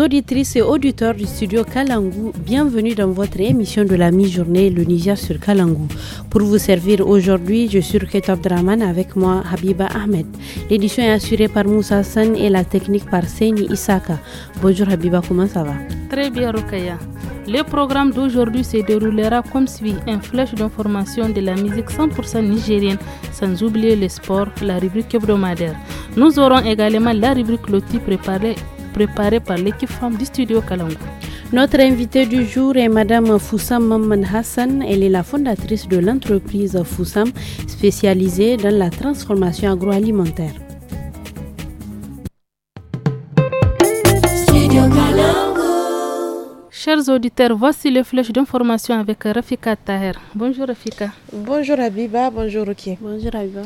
auditrices et auditeurs du studio Kalangu, bienvenue dans votre émission de la mi-journée Le Niger sur Kalangu. Pour vous servir aujourd'hui, je suis Rukhet Draman avec moi Habiba Ahmed. L'édition est assurée par Moussa Hassan et la technique par Seyni Isaka. Bonjour Habiba, comment ça va Très bien Rukaya. Le programme d'aujourd'hui se déroulera comme suit un flèche d'information de la musique 100% nigérienne, sans oublier le sport, la rubrique hebdomadaire. Nous aurons également la rubrique Loti préparée Préparé par l'équipe femme du studio Kalango. Notre invitée du jour est Madame Foussam Mamman Hassan. Elle est la fondatrice de l'entreprise Foussam, spécialisée dans la transformation agroalimentaire. Chers auditeurs, voici les flèches d'information avec Rafika Taher. Bonjour Rafika. Bonjour Abiba, bonjour Ruki. Bonjour Abiba.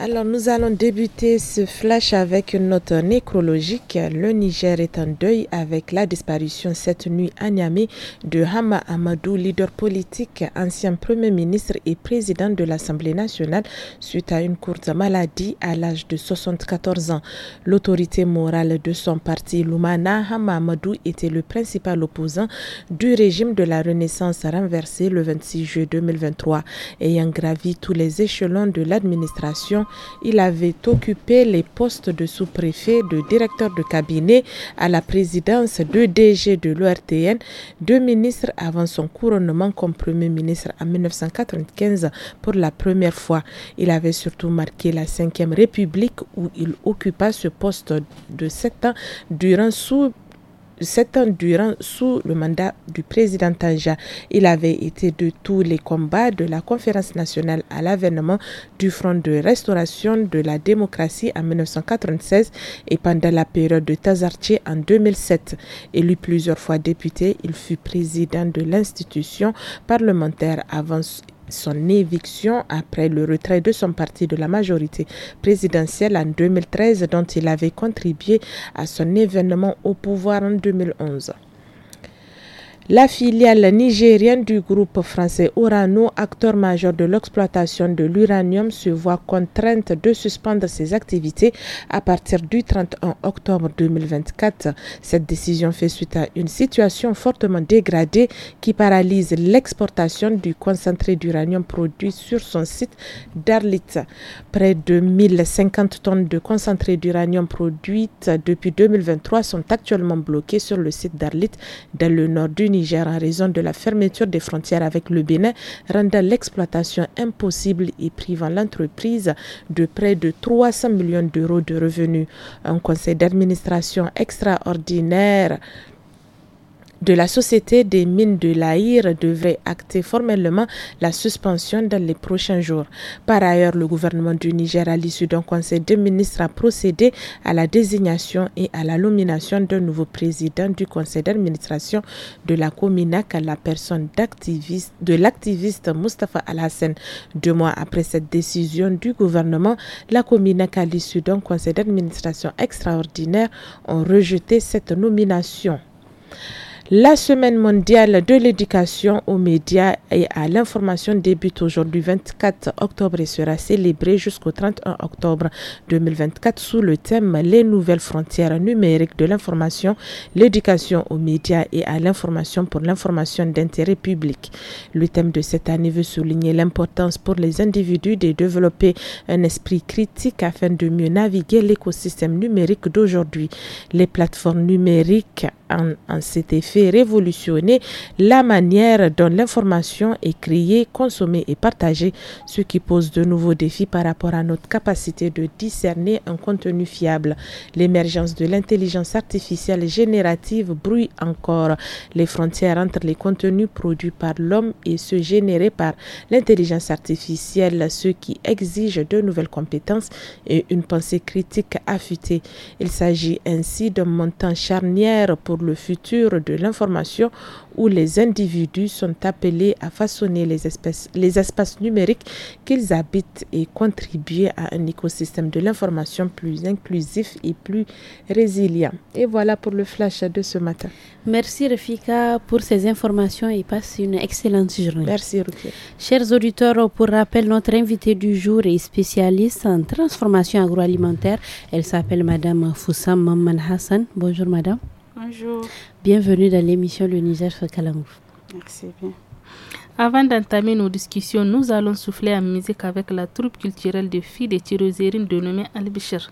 Alors nous allons débuter ce flash avec une note nécrologique. Le Niger est en deuil avec la disparition cette nuit à Niamey de Hama Amadou, leader politique, ancien Premier ministre et président de l'Assemblée nationale suite à une courte maladie à l'âge de 74 ans. L'autorité morale de son parti Lumana, Hama Amadou était le principal opposant du régime de la Renaissance renversé le 26 juillet 2023, ayant gravi tous les échelons de l'administration il avait occupé les postes de sous-préfet, de directeur de cabinet à la présidence de DG de l'ORTN, deux ministres avant son couronnement comme premier ministre en 1995 pour la première fois. Il avait surtout marqué la Ve République où il occupa ce poste de sept ans durant sous sept ans durant sous le mandat du président Tanja. Il avait été de tous les combats de la conférence nationale à l'avènement du Front de restauration de la démocratie en 1996 et pendant la période de Tazartier en 2007. Élu plusieurs fois député, il fut président de l'institution parlementaire avant son éviction après le retrait de son parti de la majorité présidentielle en 2013 dont il avait contribué à son événement au pouvoir en 2011. La filiale nigérienne du groupe français Orano, acteur majeur de l'exploitation de l'uranium, se voit contrainte de suspendre ses activités à partir du 31 octobre 2024. Cette décision fait suite à une situation fortement dégradée qui paralyse l'exportation du concentré d'uranium produit sur son site d'Arlit. Près de 1050 tonnes de concentré d'uranium produites depuis 2023 sont actuellement bloquées sur le site d'Arlit dans le nord du Niger en raison de la fermeture des frontières avec le Bénin, rendant l'exploitation impossible et privant l'entreprise de près de 300 millions d'euros de revenus. Un conseil d'administration extraordinaire de la Société des mines de l'Aïr devrait acter formellement la suspension dans les prochains jours. Par ailleurs, le gouvernement du Niger, à l'issue d'un conseil de ministres, a procédé à la désignation et à la nomination d'un nouveau président du conseil d'administration de la Cominac à la personne de l'activiste Mustafa Al-Hassan. Deux mois après cette décision du gouvernement, la Cominac, à l'issue d'un conseil d'administration extraordinaire, ont rejeté cette nomination. La semaine mondiale de l'éducation aux médias et à l'information débute aujourd'hui 24 octobre et sera célébrée jusqu'au 31 octobre 2024 sous le thème Les nouvelles frontières numériques de l'information, l'éducation aux médias et à l'information pour l'information d'intérêt public. Le thème de cette année veut souligner l'importance pour les individus de développer un esprit critique afin de mieux naviguer l'écosystème numérique d'aujourd'hui. Les plateformes numériques en, cet effet révolutionner la manière dont l'information est créée, consommée et partagée, ce qui pose de nouveaux défis par rapport à notre capacité de discerner un contenu fiable. L'émergence de l'intelligence artificielle générative brouille encore les frontières entre les contenus produits par l'homme et ceux générés par l'intelligence artificielle, ce qui exige de nouvelles compétences et une pensée critique affûtée. Il s'agit ainsi d'un montant charnière pour le futur de l'information où les individus sont appelés à façonner les, les espaces numériques qu'ils habitent et contribuer à un écosystème de l'information plus inclusif et plus résilient. Et voilà pour le flash de ce matin. Merci Rafika pour ces informations et passe une excellente journée. Merci Chers auditeurs, pour rappel, notre invitée du jour est spécialiste en transformation agroalimentaire. Elle s'appelle Madame Foussam Mamman Hassan. Bonjour Madame. Bonjour. Bienvenue dans l'émission Le Niger sur Merci bien. Avant d'entamer nos discussions, nous allons souffler en musique avec la troupe culturelle de filles des de de al albichir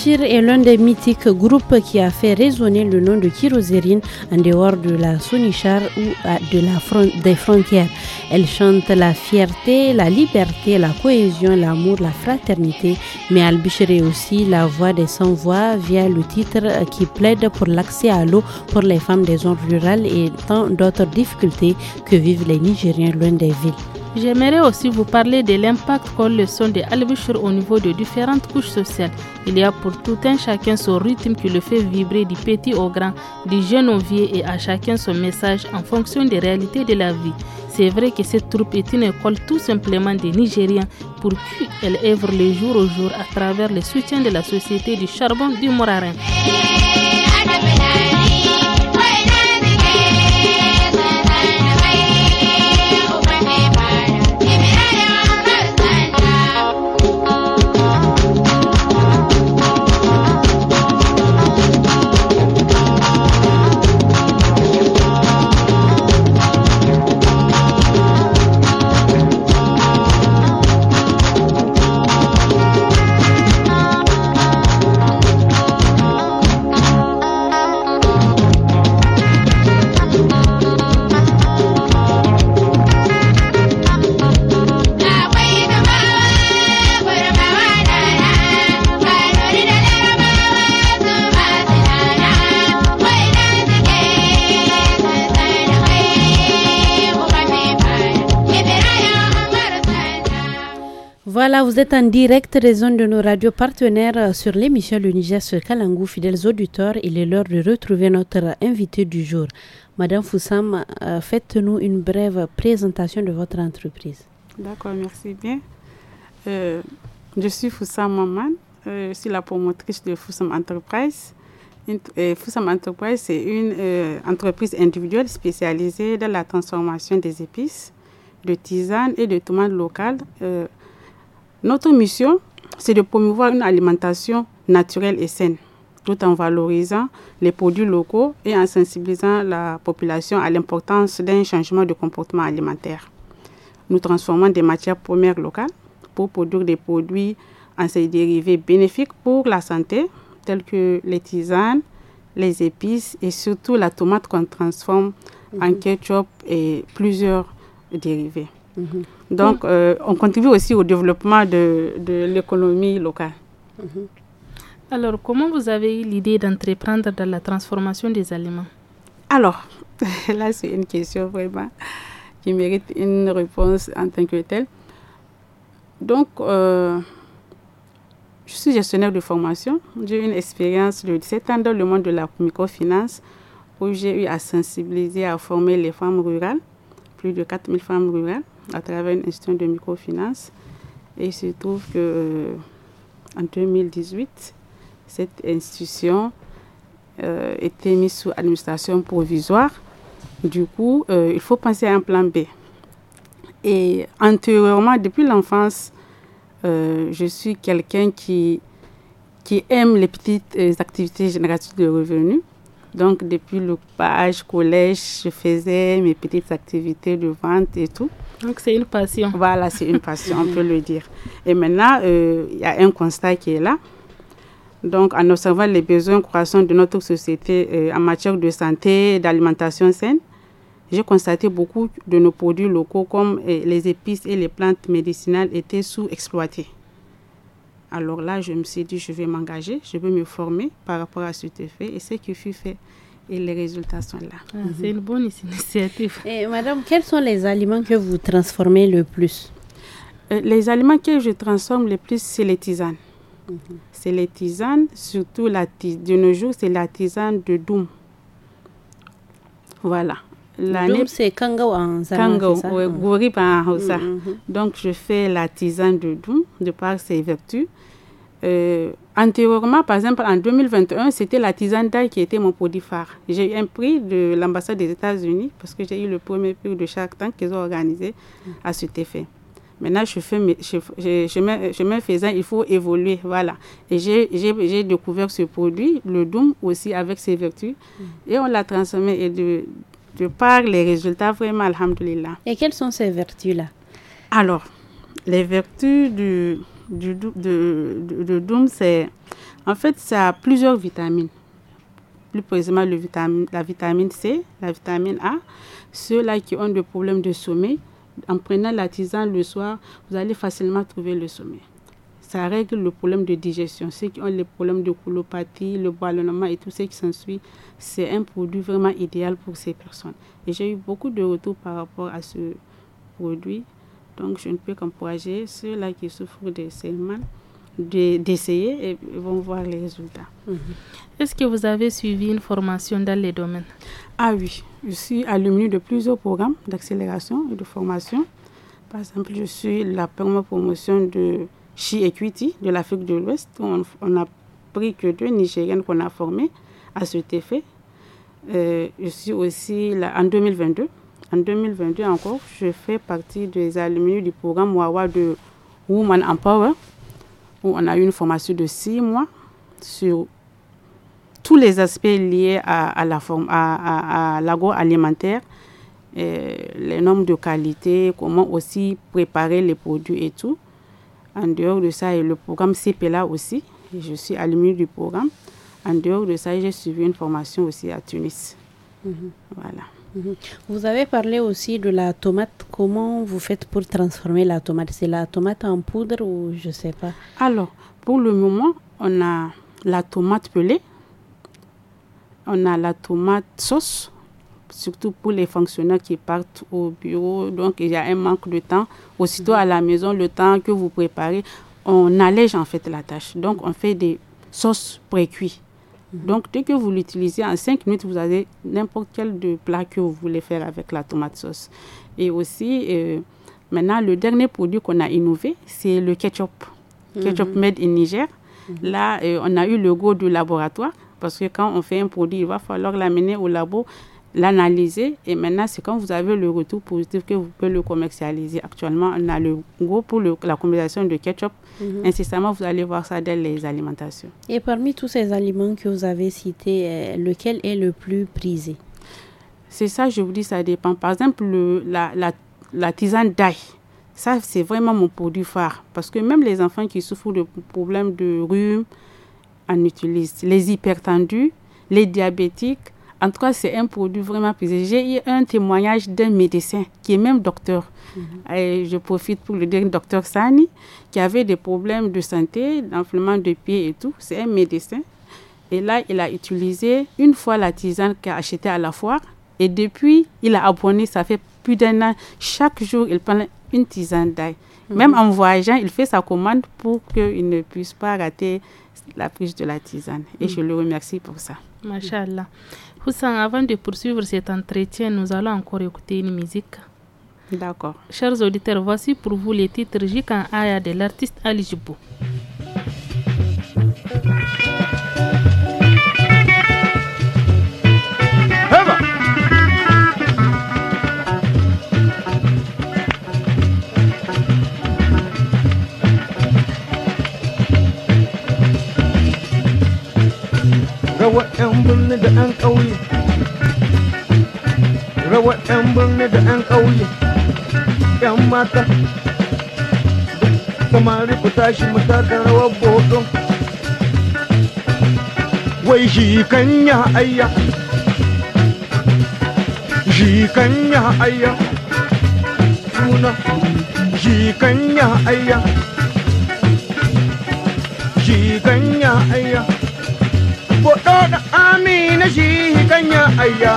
Bachir est l'un des mythiques groupes qui a fait résonner le nom de Kirozérine en dehors de la Sonichar ou de la des frontières. Elle chante la fierté, la liberté, la cohésion, l'amour, la fraternité, mais al est aussi la voix des sans-voix via le titre qui plaide pour l'accès à l'eau pour les femmes des zones rurales et tant d'autres difficultés que vivent les Nigériens loin des villes. J'aimerais aussi vous parler de l'impact qu'ont le son de al au niveau de différentes couches sociales. Il y a pour tout un chacun son rythme qui le fait vibrer du petit au grand, du jeune au vieux et à chacun son message en fonction des réalités de la vie. C'est vrai que cette troupe est une école tout simplement des Nigériens pour qui elle œuvre le jour au jour à travers le soutien de la Société du charbon du Morarin. Voilà, vous êtes en direct raison de nos radios partenaires euh, sur l'émission Le Niger sur Kalangou. Fidèles auditeurs, il est l'heure de retrouver notre invité du jour. Madame Foussam, euh, faites-nous une brève présentation de votre entreprise. D'accord, merci bien. Euh, je suis Foussam Maman. je suis la promotrice de Foussam Enterprise. Foussam Enterprise, c'est une entreprise individuelle spécialisée dans la transformation des épices, de tisanes et de tomates locales notre mission, c'est de promouvoir une alimentation naturelle et saine, tout en valorisant les produits locaux et en sensibilisant la population à l'importance d'un changement de comportement alimentaire. Nous transformons des matières premières locales pour produire des produits en ces dérivés bénéfiques pour la santé, tels que les tisanes, les épices et surtout la tomate qu'on transforme en mhm. ketchup et plusieurs dérivés. Mhm. Donc, euh, on contribue aussi au développement de, l'économie locale. Mhm. Alors, comment vous avez eu l'idée d'entreprendre dans la transformation des aliments Alors, là, c'est une question vraiment qui mérite une réponse en tant que telle. Donc, euh, je suis gestionnaire de formation. J'ai une expérience de 17 ans dans le monde de la microfinance où j'ai eu à sensibiliser, à former les femmes rurales, plus de 4000 femmes rurales à travers une institution de microfinance. Et il se trouve qu'en euh, 2018, cette institution euh, était mise sous administration provisoire. Du coup, euh, il faut penser à un plan B. Et antérieurement, depuis l'enfance, je suis quelqu'un qui, qui aime les petites activités génératives de revenus. Donc, depuis le page collège, je faisais mes petites activités de vente et tout. Donc c'est une passion. Voilà, c'est une passion, on peut le dire. Et maintenant, euh, il y a un constat qui est là. Donc, en observant les besoins croissants de notre société euh, en matière de santé et d'alimentation saine, j'ai constaté beaucoup de nos produits locaux comme euh, les épices et les plantes médicinales étaient sous-exploités. Alors là, je me suis dit, je vais m'engager, je vais me former par rapport à ce fait et ce qui fut fait et les résultats sont là. Ah, c'est une bonne initiative. madame, quels sont les aliments que vous transformez le plus euh, Les aliments que je transforme le plus, c'est les tisanes. Mhm. C'est les tisanes, surtout la tisane, de nos jours, c'est la tisane de Doum. Voilà. Doum, c'est Kango en oui, Gourib en Hausa. Mhm, mhm. Donc, je fais la tisane de Doum, de par ses vertus. Euh, antérieurement, par exemple, en 2021, c'était la tisane d'ail qui était mon produit phare. J'ai eu un prix de l'ambassade des États-Unis parce que j'ai eu le premier prix de chaque temps qu'ils ont organisé à cet effet. Maintenant, je fais, je, je, je me faisant, il faut évoluer, voilà. Et j'ai découvert ce produit, le Doom aussi avec ses vertus, et on l'a transformé et de, de par les résultats, vraiment, alhamdulillah. Et quelles sont ces vertus-là Alors, les vertus du du, de, c'est. En fait, ça a plusieurs vitamines. Plus précisément, le vitamine, la vitamine C, la vitamine A. Ceux-là qui ont des problèmes de sommeil, en prenant la tisane le soir, vous allez facilement trouver le sommeil. Ça règle le problème de digestion. Ceux qui ont les problèmes de colopathie, le ballonnement et tout ce qui s'ensuit, c'est un produit vraiment idéal pour ces personnes. Et j'ai eu beaucoup de retours par rapport à ce produit. Donc, je ne peux qu'encourager ceux-là qui souffrent de ces mal d'essayer et vont voir les résultats. Mhm. Est-ce que vous avez suivi une formation dans les domaines Ah oui, je suis allumée de plusieurs programmes d'accélération et de formation. Par exemple, je suis la première promotion de Chi Equity de l'Afrique de l'Ouest. On, n'a pris que deux Nigériennes qu'on a formées à cet effet. Euh, je suis aussi là, en 2022 en 2022 encore, je fais partie des alumni du programme Wawa de Woman Empower, où on a eu une formation de six mois sur tous les aspects liés à, la forme, à, l'agroalimentaire, les normes de qualité, comment aussi préparer les produits et tout. En dehors de ça, a le programme CPLA aussi, je suis alumni du programme. En dehors de ça, j'ai suivi une formation aussi à Tunis. Mhm. Voilà. Mhm. Vous avez parlé aussi de la tomate. Comment vous faites pour transformer la tomate C'est la tomate en poudre ou je ne sais pas Alors, pour le moment, on a la tomate pelée, on a la tomate sauce, surtout pour les fonctionnaires qui partent au bureau. Donc, il y a un manque de temps. Aussitôt à la maison, le temps que vous préparez, on allège en fait la tâche. Donc, on fait des sauces pré donc, dès que vous l'utilisez, en 5 minutes, vous avez n'importe quel de plat que vous voulez faire avec la tomate sauce. Et aussi, euh, maintenant, le dernier produit qu'on a innové, c'est le ketchup. Mhm. Ketchup made in Niger. Mhm. Là, euh, on a eu le go du laboratoire parce que quand on fait un produit, il va falloir l'amener au labo, l'analyser et maintenant c'est quand vous avez le retour positif que vous pouvez le commercialiser. Actuellement, on a le gros pour la combinaison de ketchup. Mm vous allez voir ça dans les alimentations. Et parmi tous ces aliments que vous avez cités, euh, lequel est le plus prisé C'est ça, je vous dis, ça dépend. Par exemple, la, la, la tisane d'ail. Ça, c'est vraiment mon produit phare. Parce que même les enfants qui souffrent de problèmes de rhume en utilisent. Les hypertendus, les diabétiques, en tout cas, c'est un produit vraiment prisé. J'ai eu un témoignage d'un médecin qui est même docteur. Mhm. Et je profite pour le dire, docteur Sani, qui avait des problèmes de santé, d'enflement de pied et tout. C'est un médecin. Et là, il a utilisé une fois la tisane qu'il a achetée à la foire. Et depuis, il a abonné, ça fait plus d'un an. Chaque jour, il prend une tisane d'ail. Mhm. Même en voyageant, il fait sa commande pour qu'il ne puisse pas rater la prise de la tisane. Et mhm. je le remercie pour ça. Machallah avant de poursuivre cet entretien, nous allons encore écouter une musique. D'accord. Chers auditeurs, voici pour vous les titres Jikan Aya de l'artiste Ali Jibou. mata samari ku tashi mu rawar boto wai shi kan ya ayya shi kan ya ayya suna shi kan ya ayya shi kan ya ayya bodo da amina shi kan ya ayya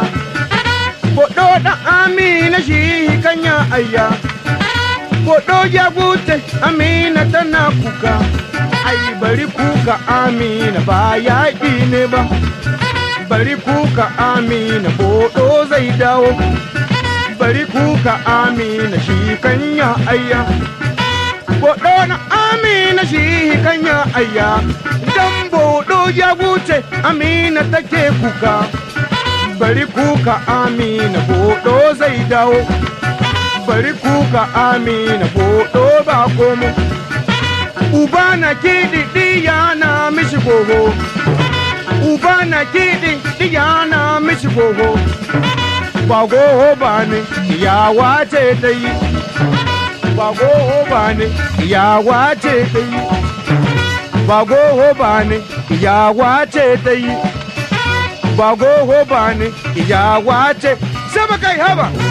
bodo da amina shi kan ya ayya kodo ya wuce amina tana kuka ai bari kuka amina ba ya ne ba bari kuka amina bodo zai dawo bari kuka amina shi kanya ayya bodo na amina shi kanya ayya dan bodo ya wuce amina take kuka bari kuka amina bodo zai dawo bari kuka amina koɗo ba komo uba na kidi ɗiya na mishi goho uba na kidi ɗiya na mishi goho ba goho ba ne ya wace ta yi ba goho ba ne ya wace ta yi ba goho ba ne ya wace ta yi ba goho ba ne ya wace haba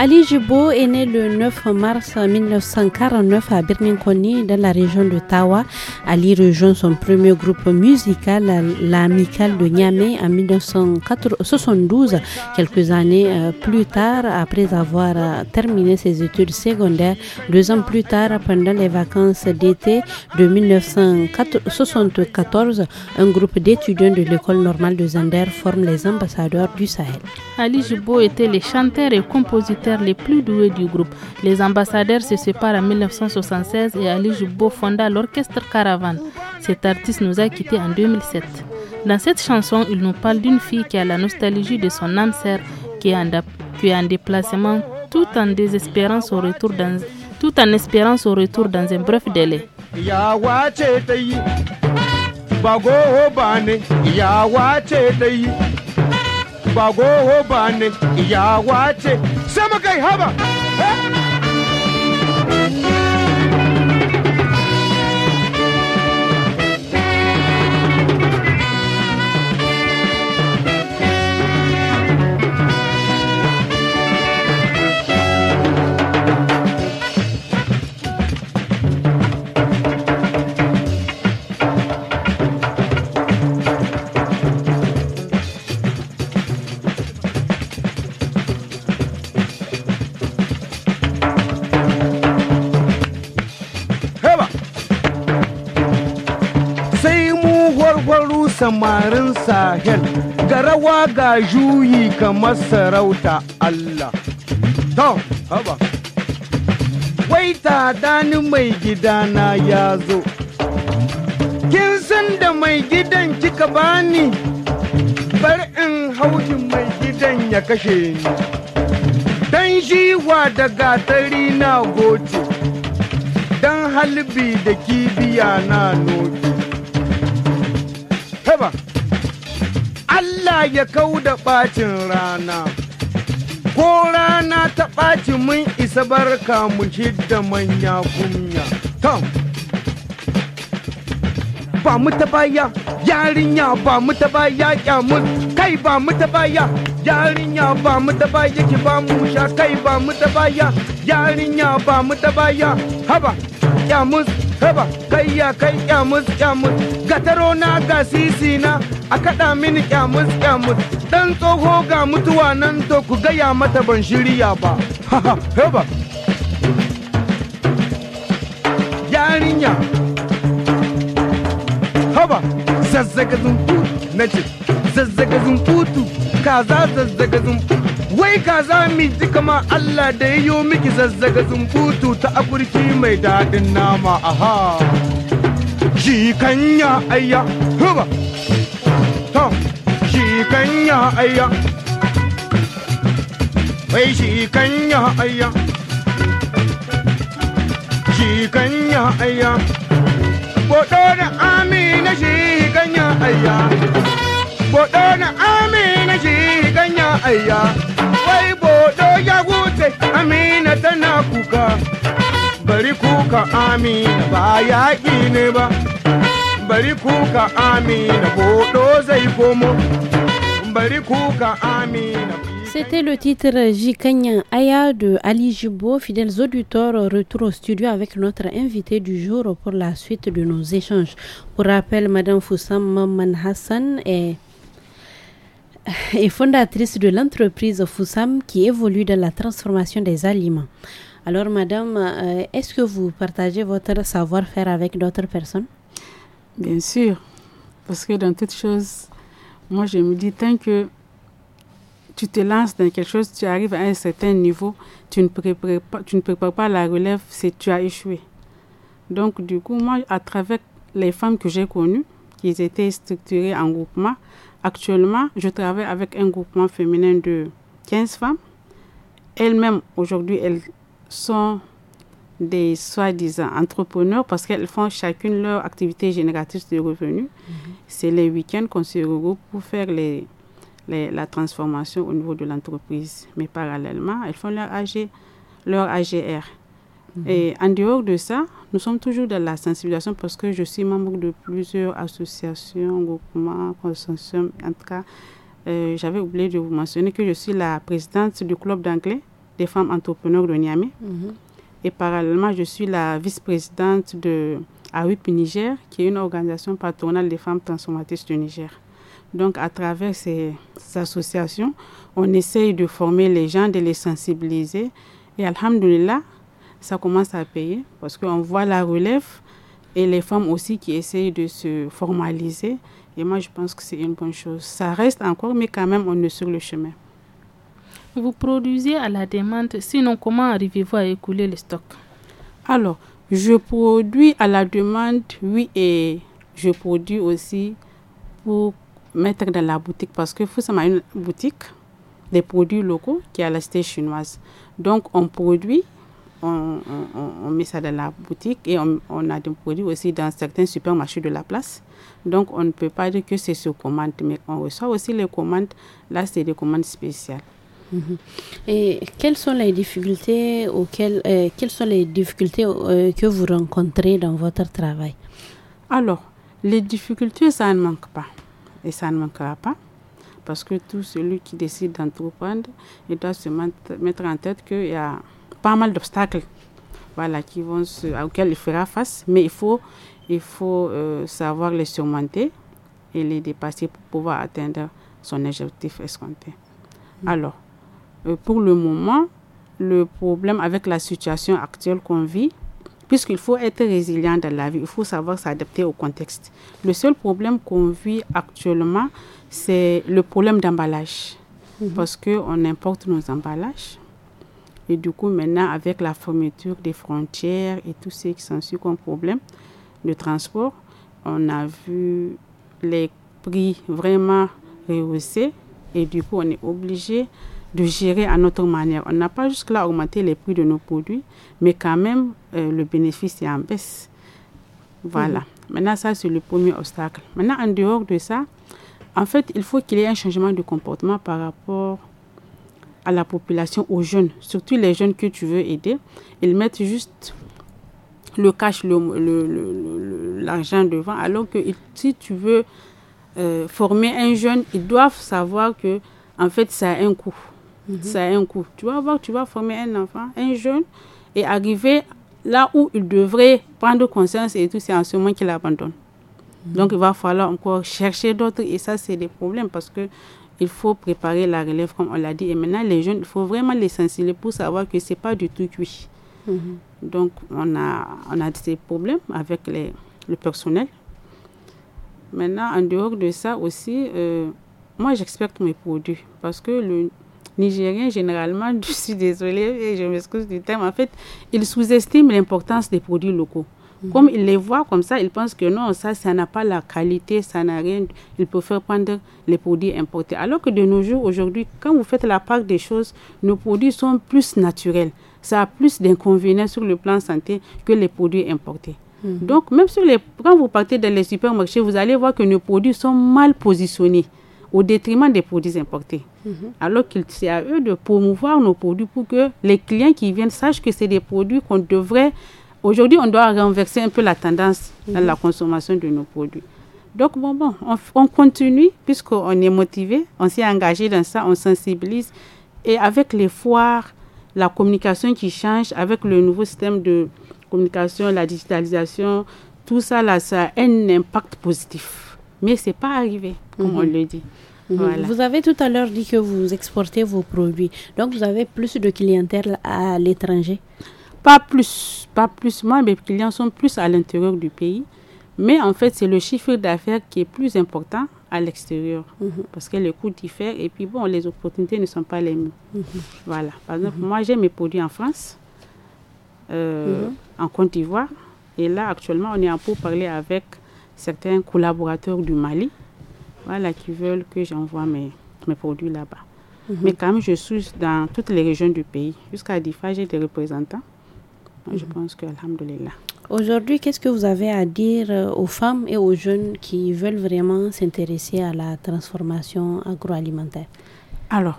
Ali Jibo est né le 9 mars 1949 à Birninkoni, dans la région de Tawa. Ali rejoint son premier groupe musical, l'Amicale de Niamey, en 1972, quelques années euh, plus tard, après avoir euh, terminé ses études secondaires. Deux ans plus tard, pendant les vacances d'été de 1974, un groupe d'étudiants de l'école normale de Zander forme les ambassadeurs du Sahel. Ali Jibo était le chanteur et compositeur les plus doués du groupe. Les ambassadeurs se séparent en 1976 et Ali Joubo fonda l'orchestre Caravane. Cet artiste nous a quittés en 2007. Dans cette chanson, il nous parle d'une fille qui a la nostalgie de son âme sœur qui est en, en déplacement tout en désespérant son retour dans tout en espérant son retour dans un bref délai. ba goho ba ne iyawa ce sai mu kai haba samarin sahel ga rawa ga juyi kamar sarauta Allah. To, haba. Wai tadani mai gidana ya zo. Kin san da mai gidan kika bani, bar in haukin mai gidan ya kashe ni. Dan jiwa da gatari na goce, dan halbi da kibiya na noki. haba Allah ya kau da ɓacin rana ko rana ta ɓaci mun isa barka mu da manya kunya tom ba mu ta baya yarinya ba mu ta baya kyamun kai ba mu ta baya yarinya ba mu ta baya ki ba mu sha kai ba mu ta baya yarinya ba mu ta baya haba kyamun haba kai ya kai kyamus kyamus gataro na ga sisi na a kaɗa mini kyamus kyamus dan tsoho ga mutuwa nan to ku gaya mata ban shirya ba haba yarinya haba zazzaga zuntu na ce zazzaga zumfutu kaza zazzaga zumfutu wai kaza mi ji kama Allah da yayo miki zazzaga zumfutu ta afurki mai daɗin nama aha kanya ayya huba to kanya ayya wai shi jikanya ayya kanya ayya Bodo da amina jikanya ayya C'était le titre Jikanyan Aya de Ali Jibo. Fidèles auditeurs, retour au studio avec notre invité du jour pour la suite de nos échanges. Pour rappel, Madame Foussam Mamman Hassan est et fondatrice de l'entreprise Foussam qui évolue dans la transformation des aliments. Alors, madame, euh, est-ce que vous partagez votre savoir-faire avec d'autres personnes Bien sûr, parce que dans toute chose, moi je me dis, tant que tu te lances dans quelque chose, tu arrives à un certain niveau, tu ne prépares pas, tu ne pas la relève, si tu as échoué. Donc, du coup, moi, à travers les femmes que j'ai connues, qui étaient structurées en groupement, Actuellement, je travaille avec un groupement féminin de 15 femmes. Elles-mêmes, aujourd'hui, elles sont des soi-disant entrepreneurs parce qu'elles font chacune leur activité génératrice de revenus. Mhm. C'est les week-ends qu'on se regroupe pour faire la transformation au niveau de l'entreprise. Mais parallèlement, elles font leur AGR. Mhm. Et en dehors de ça, nous sommes toujours dans la sensibilisation parce que je suis membre de plusieurs associations, groupements, consortiums. En tout cas, euh, j'avais oublié de vous mentionner que je suis la présidente du club d'anglais des femmes entrepreneurs de Niamey. Mhm. Et parallèlement, je suis la vice-présidente de AWIP Niger, qui est une organisation patronale des femmes transformatrices du Niger. Donc, à travers ces, ces associations, on essaye de former les gens, de les sensibiliser. Et Alhamdulillah, ça commence à payer parce qu'on voit la relève et les femmes aussi qui essayent de se formaliser. Et moi, je pense que c'est une bonne chose. Ça reste encore, mais quand même, on est sur le chemin. Vous produisez à la demande, sinon comment arrivez-vous à écouler le stock Alors, je produis à la demande, oui, et je produis aussi pour mettre dans la boutique parce que ça m'a une boutique des produits locaux qui est à la cité chinoise. Donc, on produit on, met ça dans la boutique et on, on, a des produits aussi dans certains supermarchés de la place. Donc on ne peut pas dire que c'est sur commande, mais on reçoit aussi les commandes. Là, c'est des commandes spéciales. Mhm. Et quelles sont les difficultés auxquelles, euh, quelles sont les difficultés euh, que vous rencontrez dans votre travail Alors, les difficultés, ça ne manque pas et ça ne manquera pas parce que tout celui qui décide d'entreprendre, il doit se mettre en tête qu'il y a pas mal d'obstacles voilà, qui vont se, auxquels il fera face, mais il faut, il faut euh, savoir les surmonter et les dépasser pour pouvoir atteindre son objectif escompté. Hmm. Alors, euh, pour le moment, le problème avec la situation actuelle qu'on vit, puisqu'il faut être résilient dans la vie, il faut savoir s'adapter au contexte. Le seul problème qu'on vit actuellement, c'est le problème d'emballage, hmm. parce parce qu'on importe nos emballages et du coup, maintenant, avec la fermeture des frontières et tout ce qui suit comme problème de transport, on a vu les prix vraiment rehausser et du coup, on est obligé de gérer à notre manière. On n'a pas jusque-là augmenté les prix de nos produits, mais quand même, euh, le bénéfice est en baisse. Voilà. Mmh. Maintenant, ça, c'est le premier obstacle. Maintenant, en dehors de ça, en fait, il faut qu'il y ait un changement de comportement par rapport à la population, aux jeunes, surtout les jeunes que tu veux aider, ils mettent juste le cash, l'argent le, le, devant, alors que si tu veux euh, former un jeune, ils doivent savoir que en fait ça a un coût. Mhm. Ça a un coût. Tu vas voir, tu vas former un enfant, un jeune, et arriver là où il devrait prendre conscience et tout, c'est en ce moment qu'il abandonne. Mhm. Donc il va falloir encore chercher d'autres et ça c'est des problèmes parce que il faut préparer la relève, comme on l'a dit. Et maintenant, les jeunes, il faut vraiment les sensibiliser pour savoir que ce n'est pas du tout cuit. Mhm. Donc, on a, on a des problèmes avec les, le personnel. Maintenant, en dehors de ça aussi, euh, moi, j'expecte mes produits parce que le Nigérien, généralement, je suis désolée et je m'excuse du terme, en fait, il sous-estime l'importance des produits locaux. Mm. Comme ils les voient comme ça, ils pensent que non, ça, ça n'a pas la qualité, ça n'a rien. ils préfèrent prendre les produits importés. Alors que de nos jours, aujourd'hui, quand vous faites la part des choses, nos produits sont plus naturels. Ça a plus d'inconvénients sur le plan santé que les produits importés. Mm. Donc, même sur les, quand vous partez dans les supermarchés, vous allez voir que nos produits sont mal positionnés au détriment des produits importés. Mm-hmm. Alors qu'il c'est à eux de promouvoir nos produits pour que les clients qui viennent sachent que c'est des produits qu'on devrait Aujourd'hui, on doit renverser un peu la tendance dans mhm. la consommation de nos produits. Donc, bon, bon on, continue puisqu'on est motivé, on s'est engagé dans ça, on sensibilise. Et avec les foires, la communication qui change, avec le nouveau système de communication, la digitalisation, tout ça, là, ça a un impact positif. Mais ce n'est pas arrivé, comme mhm. on le dit. Mhm. Vous avez tout à l'heure dit que vous exportez vos produits. Donc, vous avez plus de clientèle à l'étranger pas plus, pas plus. Moi, mes clients sont plus à l'intérieur du pays. Mais en fait, c'est le chiffre d'affaires qui est plus important à l'extérieur mhm. parce que les coûts diffèrent et puis bon, les opportunités ne sont pas les mêmes. Mhm. Voilà. Par exemple, mhm. moi, j'ai mes produits en France, euh, en Côte d'Ivoire. Et là, actuellement, on est en pour parler avec certains collaborateurs du Mali voilà, qui veulent que j'envoie mes, mes produits là-bas. Mais quand même, je suis dans toutes les régions du pays. Jusqu'à DIFA, j'ai des représentants. Je pense que, alhamdoulilah. Aujourd'hui, qu'est-ce que vous avez à dire euh, aux femmes et aux jeunes qui veulent vraiment s'intéresser à la transformation agroalimentaire Alors,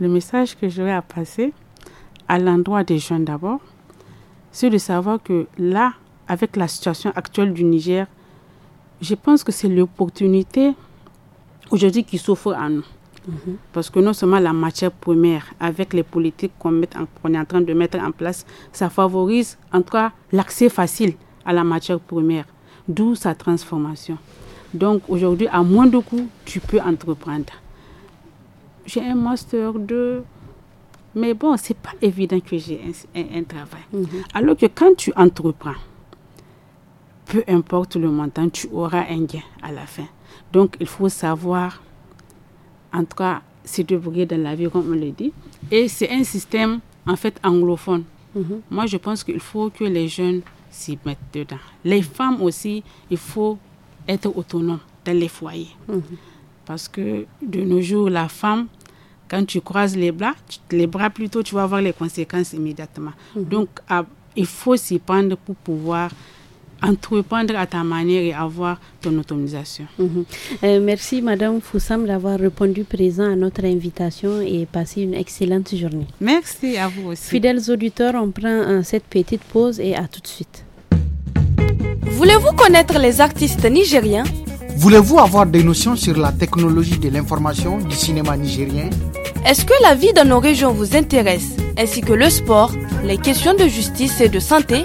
le message que je à passer à l'endroit des jeunes d'abord, c'est de savoir que là, avec la situation actuelle du Niger, je pense que c'est l'opportunité aujourd'hui qui s'offre à nous. Parce que non seulement la matière première, avec les politiques qu'on est en train de mettre en place, ça favorise en tout cas l'accès facile à la matière première, d'où sa transformation. Donc aujourd'hui, à moins de coûts, tu peux entreprendre. J'ai un master 2, mais bon, c'est pas évident que j'ai un, travail. Mhm. Alors que quand tu entreprends, peu importe le montant, tu auras un gain à la fin. Donc il faut savoir en tout cas c'est de débrouiller dans la vie, comme on le dit. Et c'est un système, en fait, anglophone. Mhm. Moi, je pense qu'il faut que les jeunes s'y mettent dedans. Les femmes aussi, il faut être autonome dans les foyers. Mhm. Parce que de nos jours, la femme, quand tu croises les bras, les bras plutôt, tu vas avoir les conséquences immédiatement. Mhm. Donc, il faut s'y prendre pour pouvoir entreprendre à ta manière et avoir ton autonomisation. Mhm. Euh, merci Madame Foussam d'avoir répondu présent à notre invitation et passé une excellente journée. Merci à vous aussi. Fidèles auditeurs, on prend euh, cette petite pause et à tout de suite. Voulez-vous connaître les artistes nigériens Voulez-vous avoir des notions sur la technologie de l'information du cinéma nigérien Est-ce que la vie dans nos régions vous intéresse, ainsi que le sport, les questions de justice et de santé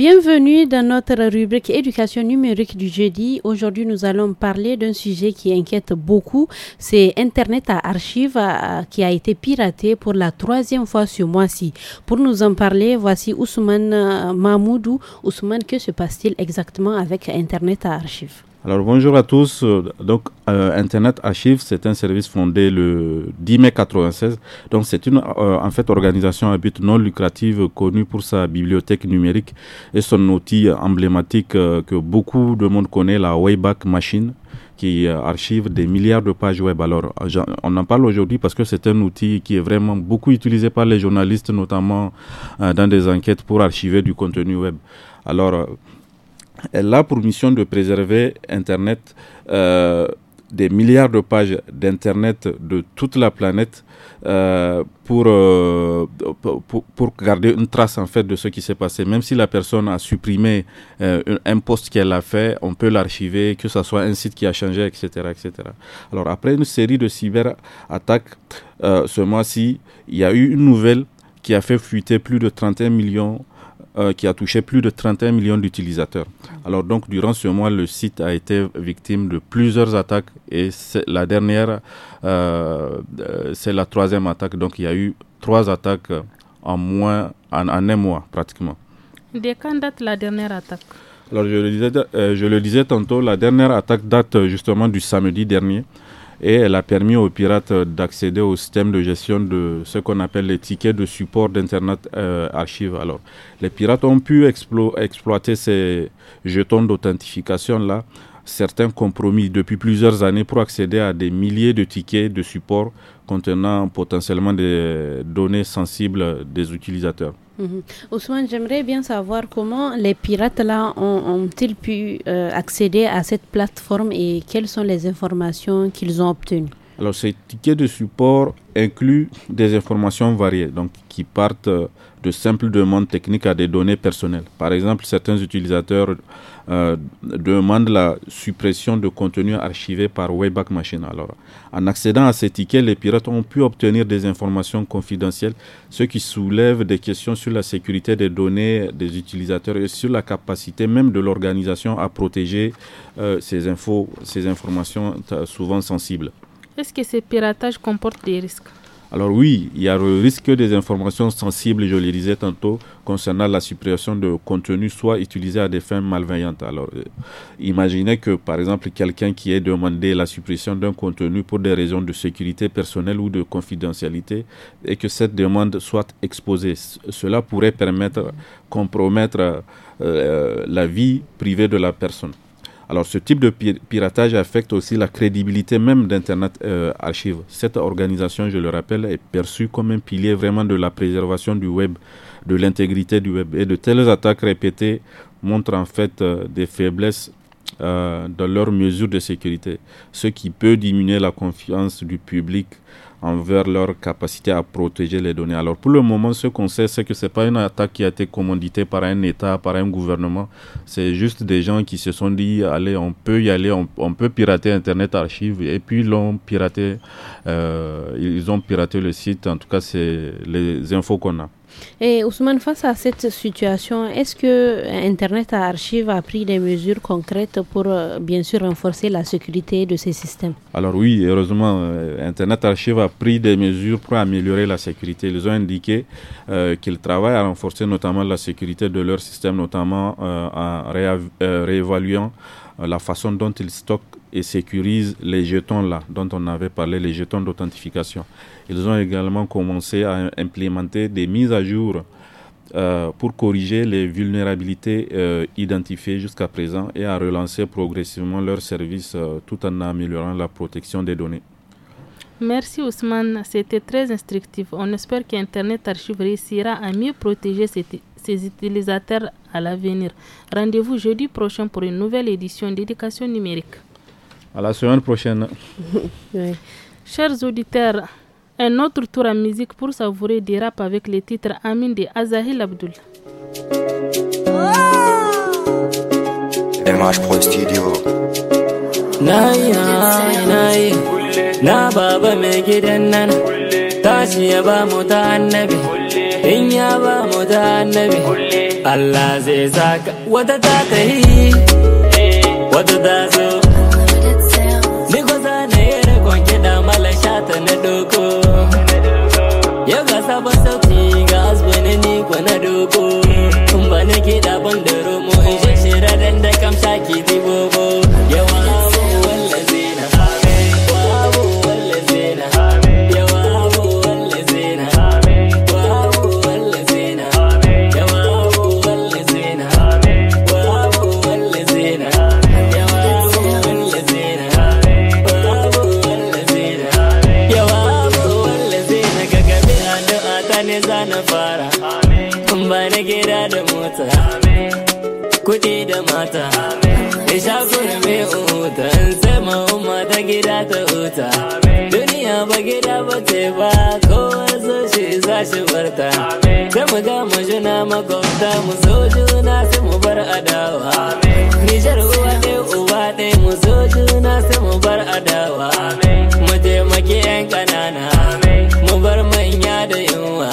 Bienvenue dans notre rubrique éducation numérique du jeudi. Aujourd'hui, nous allons parler d'un sujet qui inquiète beaucoup. C'est Internet à archives euh, qui a été piraté pour la troisième fois ce mois-ci. Pour nous en parler, voici Ousmane euh, Mahmoudou. Ousmane, que se passe-t-il exactement avec Internet à archives alors bonjour à tous. Donc euh, Internet Archive, c'est un service fondé le 10 mai 96. Donc c'est une euh, en fait organisation à but non lucratif connue pour sa bibliothèque numérique et son outil emblématique euh, que beaucoup de monde connaît, la Wayback Machine qui archive des milliards de pages web. Alors, on en parle aujourd'hui parce que c'est un outil qui est vraiment beaucoup utilisé par les journalistes, notamment dans des enquêtes pour archiver du contenu web. Alors, elle a pour mission de préserver Internet, euh, des milliards de pages d'Internet de toute la planète euh, euh, pour, pour, garder une trace en fait de ce qui s'est passé. Même si la personne a supprimé un poste qu'elle a fait, on peut l'archiver, que ce soit un site qui a changé, etc. etc. Alors après une série de cyberattaques, ce mois-ci, il y a eu une nouvelle qui a fait fuiter plus de 31 millions euh, qui a touché plus de 31 millions d'utilisateurs. Alors donc durant ce mois, le site a été victime de plusieurs attaques et la dernière, euh, euh, c'est la troisième attaque. Donc il y a eu trois attaques en moins, un mois pratiquement. De quand date la dernière attaque Alors je le disais tantôt, la dernière attaque date justement du samedi dernier et elle a permis aux pirates d'accéder au système de gestion de ce qu'on appelle les tickets de support d'Internet euh, Archive. Alors, les pirates ont pu exploiter ces jetons d'authentification-là, certains compromis depuis plusieurs années pour accéder à des milliers de tickets de support contenant potentiellement des données sensibles des utilisateurs. Mhm. Ousmane, j'aimerais bien savoir comment les pirates là ont-ils pu euh, accéder à cette plateforme et quelles sont les informations qu'ils ont obtenues. Alors, ces tickets de support incluent des informations variées, donc qui partent euh, de simples demandes techniques à des données personnelles. Par exemple, certains utilisateurs euh, demandent la suppression de contenus archivés par Wayback Machine. Alors, en accédant à ces tickets, les pirates ont pu obtenir des informations confidentielles, ce qui soulève des questions sur la sécurité des données des utilisateurs et sur la capacité même de l'organisation à protéger euh, ces infos, ces informations euh, souvent sensibles. Est-ce que ces piratages comportent des risques alors oui, il y a le risque des informations sensibles, je le disais tantôt, concernant la suppression de contenu soit utilisées à des fins malveillantes. Alors euh, imaginez que par exemple quelqu'un qui ait demandé la suppression d'un contenu pour des raisons de sécurité personnelle ou de confidentialité et que cette demande soit exposée. cela pourrait permettre compromettre euh, euh, la vie privée de la personne. Alors ce type de piratage affecte aussi la crédibilité même d'Internet euh, Archive. Cette organisation, je le rappelle, est perçue comme un pilier vraiment de la préservation du web, de l'intégrité du web. Et de telles attaques répétées montrent en fait euh, des faiblesses euh, dans leurs mesures de sécurité, ce qui peut diminuer la confiance du public envers leur capacité à protéger les données. Alors pour le moment, ce qu'on sait, c'est que ce n'est pas une attaque qui a été commanditée par un État, par un gouvernement. C'est juste des gens qui se sont dit, allez, on peut y aller, on, peut pirater Internet Archive. Et puis l'ont piraté, euh, ils ont piraté le site. En tout cas, c'est les infos qu'on a. Et Ousmane, face à cette situation, est-ce que Internet Archive a pris des mesures concrètes pour, euh, bien sûr, renforcer la sécurité de ces systèmes Alors oui, heureusement, euh, Internet Archive a pris des mesures pour améliorer la sécurité. Ils ont indiqué euh, qu'ils travaillent à renforcer notamment la sécurité de leurs systèmes, notamment en réévaluant euh, la façon dont ils stockent et sécurisent les jetons là, dont on avait parlé, les jetons d'authentification. Ils ont également commencé à implémenter des mises à jour euh, pour corriger les vulnérabilités euh, identifiées jusqu'à présent et à relancer progressivement leurs services tout en améliorant la protection des données. Merci Ousmane, c'était très instructif. On espère qu'Internet Archive réussira à mieux protéger ses, ses utilisateurs à l'avenir. Rendez-vous jeudi prochain pour une nouvelle édition d'éducation numérique. À la semaine prochaine. Chers auditeurs, un autre tour à musique pour savourer des rap avec les titres Amin de Azahil Abdul. MH Pro Studio. na baba inya ba mu da annabi Allah zai zaka. wata ta tahi wata ta zo ni ko yi rakon kiɗa mala shata na doko mata Ya kurmi uta in sama umma ta gida ta uta Duniya ba gida ba ce ba kowa so shi za shi barta Ta mu gama juna makwabta mu so juna sai mu bar adawa Nijar uwa ne uba ne, mu so juna sai mu bar adawa Mu taimaki 'yan ƙanana bar manya da yunwa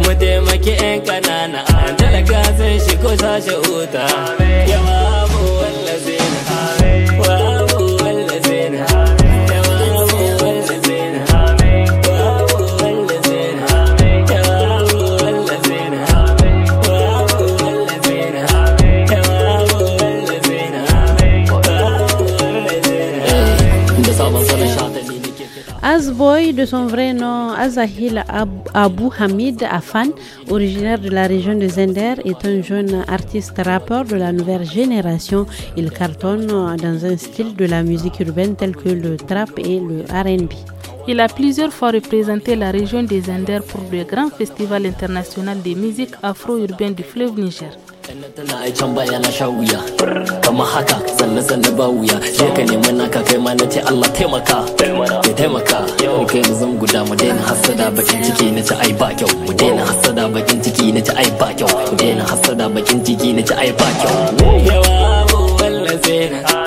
mu taimaki 'yan ƙanana talaka sun shigo sashe huta yawa de son vrai Zahil Abou Hamid Afan, originaire de la région de Zender, est un jeune artiste rappeur de la nouvelle génération. Il cartonne dans un style de la musique urbaine tel que le trap et le RB. Il a plusieurs fois représenté la région de Zender pour le grand festival international de musique afro urbaine du fleuve Niger. Tana tana ai can baya na sha wuya kama haka zanne zanne ba wuya je ka nemi naka kai ma nace Allah taimaka ke taimaka in kai mu zan guda mu daina hasada bakin ciki nace ai ba kyau mu daina hasada bakin ciki nace ai ba kyau mu daina hasada bakin ciki nace ai ba kyau yawa abu wallahi sai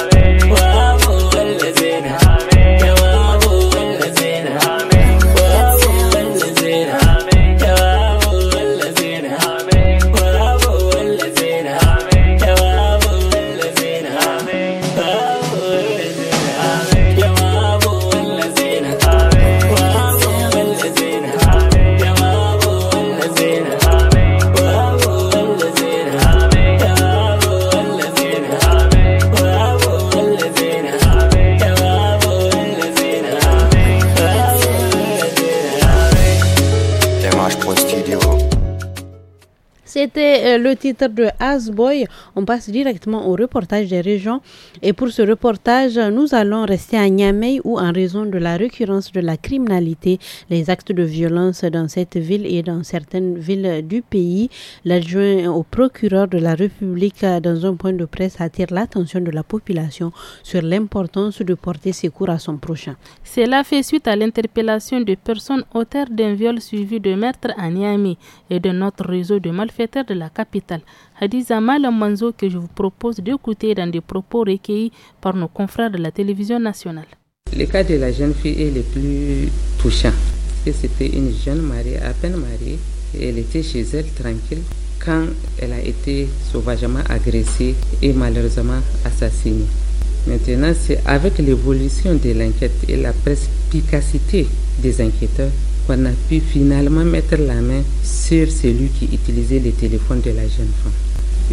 C'était euh, le titre de Asboy. On passe directement au reportage des régions. Et pour ce reportage, nous allons rester à Niamey où, en raison de la récurrence de la criminalité, les actes de violence dans cette ville et dans certaines villes du pays, l'adjoint au procureur de la République, euh, dans un point de presse, attire l'attention de la population sur l'importance de porter secours à son prochain. Cela fait suite à l'interpellation de personnes auteurs d'un viol suivi de meurtre à Niamey et de notre réseau de malfaiteurs de la capitale. Hadiza Malamanzo que je vous propose d'écouter dans des propos recueillis par nos confrères de la télévision nationale. Le cas de la jeune fille est le plus touchant. C'était une jeune mariée, à peine mariée, et elle était chez elle tranquille quand elle a été sauvagement agressée et malheureusement assassinée. Maintenant, c'est avec l'évolution de l'enquête et la perspicacité des enquêteurs qu'on a pu finalement mettre la main sur celui qui utilisait le téléphone de la jeune femme.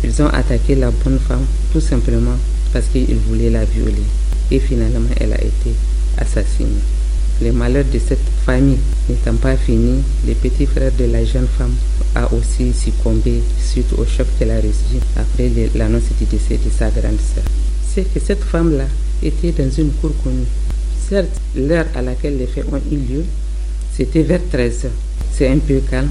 Ils ont attaqué la bonne femme tout simplement parce qu'ils voulaient la violer. Et finalement, elle a été assassinée. Les malheurs de cette famille n'étant pas finis, le petit frère de la jeune femme a aussi succombé suite au choc qu'elle a reçu après l'annonce du décès de sa grande sœur. C'est que cette femme-là était dans une cour connue. Certes, l'heure à laquelle les faits ont eu lieu c'était vers 13h. C'est un peu calme,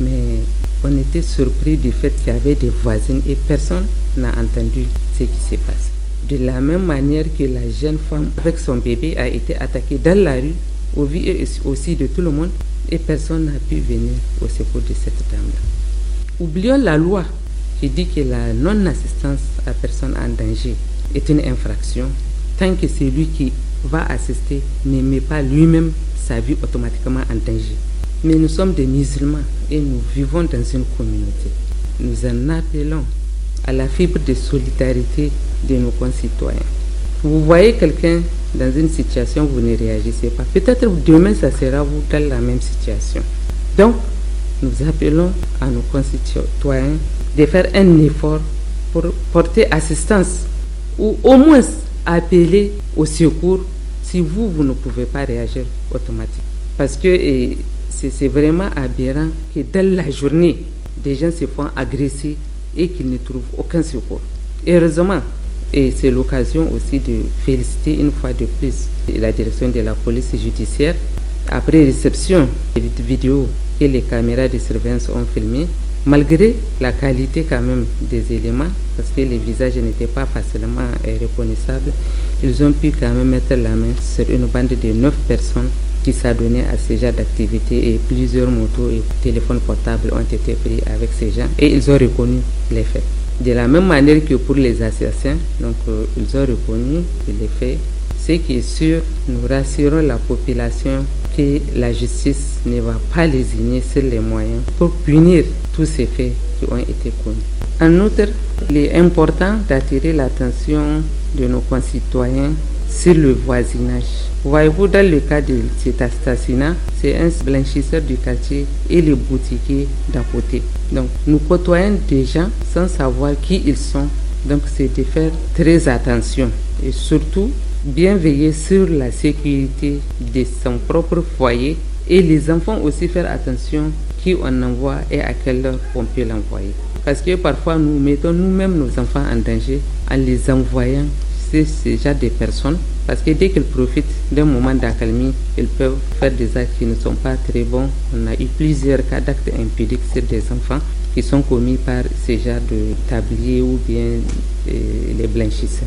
mais on était surpris du fait qu'il y avait des voisines et personne n'a entendu ce qui se passe. De la même manière que la jeune femme avec son bébé a été attaquée dans la rue, au vu aussi de tout le monde, et personne n'a pu venir au secours de cette dame-là. Oublions la loi qui dit que la non-assistance à personne en danger est une infraction tant que celui qui va assister n'aimait pas lui-même sa vie automatiquement en danger. Mais nous sommes des musulmans et nous vivons dans une communauté. Nous en appelons à la fibre de solidarité de nos concitoyens. Vous voyez quelqu'un dans une situation, vous ne réagissez pas. Peut-être demain, ça sera vous dans la même situation. Donc, nous appelons à nos concitoyens de faire un effort pour porter assistance ou au moins appeler au secours si vous, vous ne pouvez pas réagir automatiquement. Parce que c'est vraiment aberrant que dans la journée, des gens se font agresser et qu'ils ne trouvent aucun secours. Heureusement, et c'est l'occasion aussi de féliciter une fois de plus la direction de la police judiciaire. Après réception des vidéos et les caméras de surveillance ont filmé, Malgré la qualité quand même des éléments, parce que les visages n'étaient pas facilement euh, reconnaissables, ils ont pu quand même mettre la main sur une bande de neuf personnes qui s'adonnaient à ces genre d'activité et plusieurs motos et téléphones portables ont été pris avec ces gens et ils ont reconnu les faits. De la même manière que pour les assassins, donc euh, ils ont reconnu les faits ce qui est sûr, nous rassurons la population que la justice ne va pas lésiner sur les moyens pour punir tous ces faits qui ont été commis. En outre, il est important d'attirer l'attention de nos concitoyens sur le voisinage. Voyez-vous, dans le cas de cet assassinat, c'est un blanchisseur du quartier et le boutiquier d'à côté. Donc, nous côtoyons des gens sans savoir qui ils sont. Donc, c'est de faire très attention. Et surtout, bien veiller sur la sécurité de son propre foyer et les enfants aussi faire attention qui on envoie et à quelle heure on peut l'envoyer. Parce que parfois nous mettons nous-mêmes nos enfants en danger en les envoyant chez ce genre de personnes. Parce que dès qu'ils profitent d'un moment d'accalmie, ils peuvent faire des actes qui ne sont pas très bons. On a eu plusieurs cas d'actes impudiques sur des enfants qui sont commis par ces genre de tabliers ou bien euh, les blanchisseurs.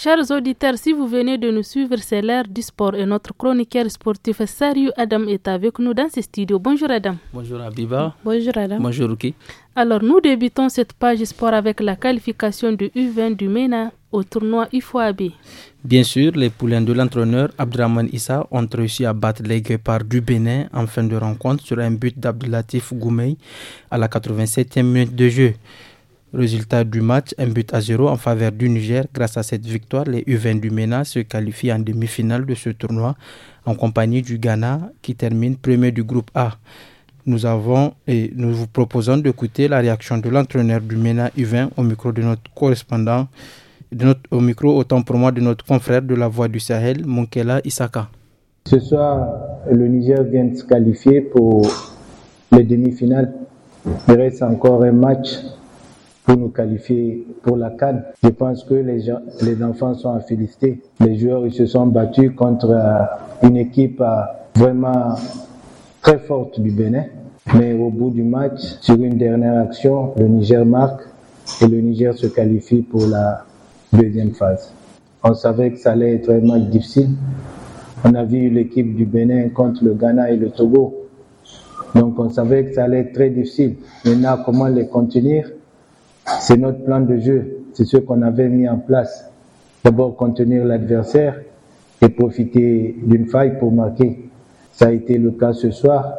Chers auditeurs, si vous venez de nous suivre, c'est l'ère du sport et notre chroniqueur sportif Sariu Adam est avec nous dans ce studio. Bonjour Adam. Bonjour Abiba. Bonjour Adam. Bonjour Ruki. Alors nous débutons cette page sport avec la qualification de U20 du MENA au tournoi IFOAB. Bien sûr, les poulains de l'entraîneur Abdraman Issa ont réussi à battre les guépards du Bénin en fin de rencontre sur un but d'Abdelatif Goumey à la 87e minute de jeu. Résultat du match, un but à zéro en faveur du Niger. Grâce à cette victoire, les U20 du MENA se qualifient en demi-finale de ce tournoi en compagnie du Ghana qui termine premier du groupe A. Nous avons et nous vous proposons d'écouter la réaction de l'entraîneur du MENA U20 au micro de notre correspondant, de notre, au micro autant pour moi de notre confrère de la Voix du Sahel, Monkela Isaka. Ce soir, le Niger vient de se qualifier pour les demi-finales. Il reste encore un match pour nous qualifier pour la Cannes. Je pense que les, gens, les enfants sont à féliciter. Les joueurs ils se sont battus contre euh, une équipe euh, vraiment très forte du Bénin. Mais au bout du match, sur une dernière action, le Niger marque et le Niger se qualifie pour la deuxième phase. On savait que ça allait être un match difficile. On a vu l'équipe du Bénin contre le Ghana et le Togo. Donc on savait que ça allait être très difficile. Maintenant, comment les contenir c'est notre plan de jeu, c'est ce qu'on avait mis en place. D'abord contenir l'adversaire et profiter d'une faille pour marquer. Ça a été le cas ce soir,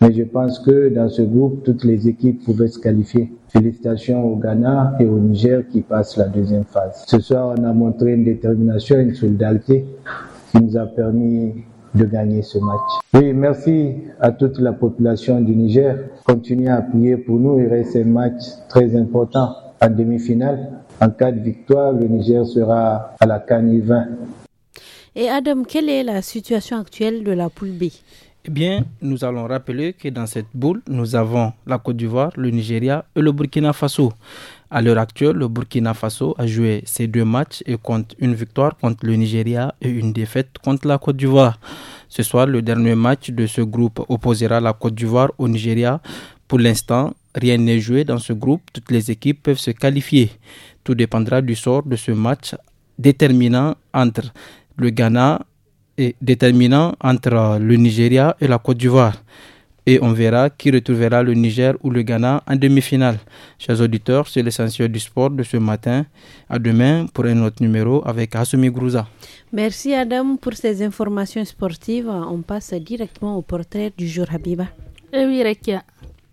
mais je pense que dans ce groupe, toutes les équipes pouvaient se qualifier. Félicitations au Ghana et au Niger qui passent la deuxième phase. Ce soir, on a montré une détermination, une solidarité qui nous a permis de gagner ce match. Oui, merci à toute la population du Niger. Continuez à prier pour nous. Il reste un match très important en demi-finale. En cas de victoire, le Niger sera à la canne 20. Et Adam, quelle est la situation actuelle de la poule B eh bien, nous allons rappeler que dans cette boule, nous avons la Côte d'Ivoire, le Nigeria et le Burkina Faso. À l'heure actuelle, le Burkina Faso a joué ses deux matchs et compte une victoire contre le Nigeria et une défaite contre la Côte d'Ivoire. Ce soir, le dernier match de ce groupe opposera la Côte d'Ivoire au Nigeria. Pour l'instant, rien n'est joué dans ce groupe. Toutes les équipes peuvent se qualifier. Tout dépendra du sort de ce match déterminant entre le Ghana et déterminant entre le Nigeria et la Côte d'Ivoire. Et on verra qui retrouvera le Niger ou le Ghana en demi-finale. Chers auditeurs, c'est l'essentiel du sport de ce matin. À demain pour un autre numéro avec Asumi Grouza. Merci Adam pour ces informations sportives. On passe directement au portrait du jour Habiba. Eh oui, Rekia.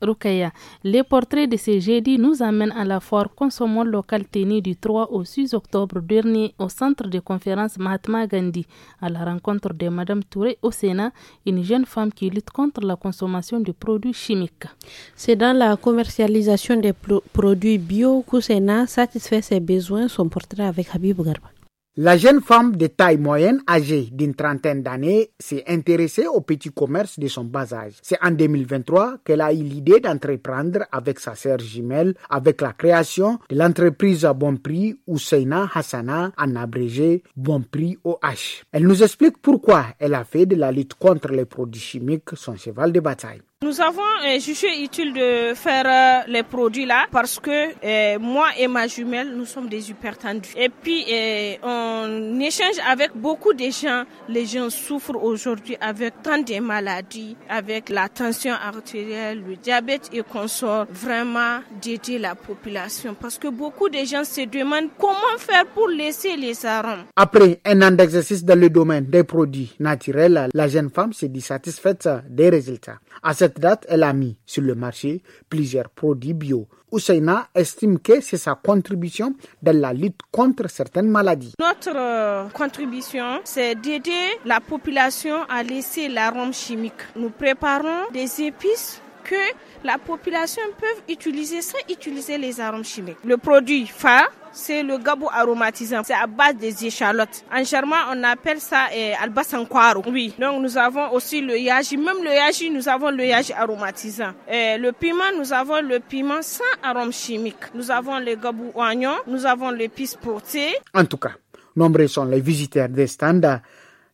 Rukaya. Les portraits de ces jeudi nous amènent à la foire consommant local tenue du 3 au 6 octobre dernier au centre de conférence Mahatma Gandhi, à la rencontre de Madame Touré au Sénat, une jeune femme qui lutte contre la consommation de produits chimiques. C'est dans la commercialisation des produits bio que Sénat satisfait ses besoins, son portrait avec Habib Garba. La jeune femme de taille moyenne, âgée d'une trentaine d'années, s'est intéressée au petit commerce de son bas âge. C'est en 2023 qu'elle a eu l'idée d'entreprendre avec sa sœur jumelle avec la création de l'entreprise à bon prix Husseina Hassana, en abrégé Bon Prix OH. Elle nous explique pourquoi elle a fait de la lutte contre les produits chimiques son cheval de bataille. Nous avons euh, jugé utile de faire euh, les produits là parce que euh, moi et ma jumelle, nous sommes des hypertendus. Et puis, on échange avec beaucoup de gens. Les gens souffrent aujourd'hui avec tant de maladies, avec la tension artérielle, le diabète et sort Vraiment d'aider la population parce que beaucoup de gens se demandent comment faire pour laisser les arômes. Après un an d'exercice dans le domaine des produits naturels, la jeune femme se dissatisfaite des résultats. À cette date, elle a mis sur le marché plusieurs produits bio. Ousseina estime que c'est sa contribution dans la lutte contre certaines maladies. Notre euh, contribution, c'est d'aider la population à laisser l'arôme chimique. Nous préparons des épices que la population peut utiliser sans utiliser les arômes chimiques. Le produit phare, c'est le gabou aromatisant. C'est à base des échalotes. En germain, on appelle ça eh, albasankwaro. Oui. Donc, nous avons aussi le yaji. Même le yaji, nous avons le yaji aromatisant. Eh, le piment, nous avons le piment sans arômes chimiques. Nous avons le gabou oignon. Nous avons l'épice portée. En tout cas, nombreux sont les visiteurs des standards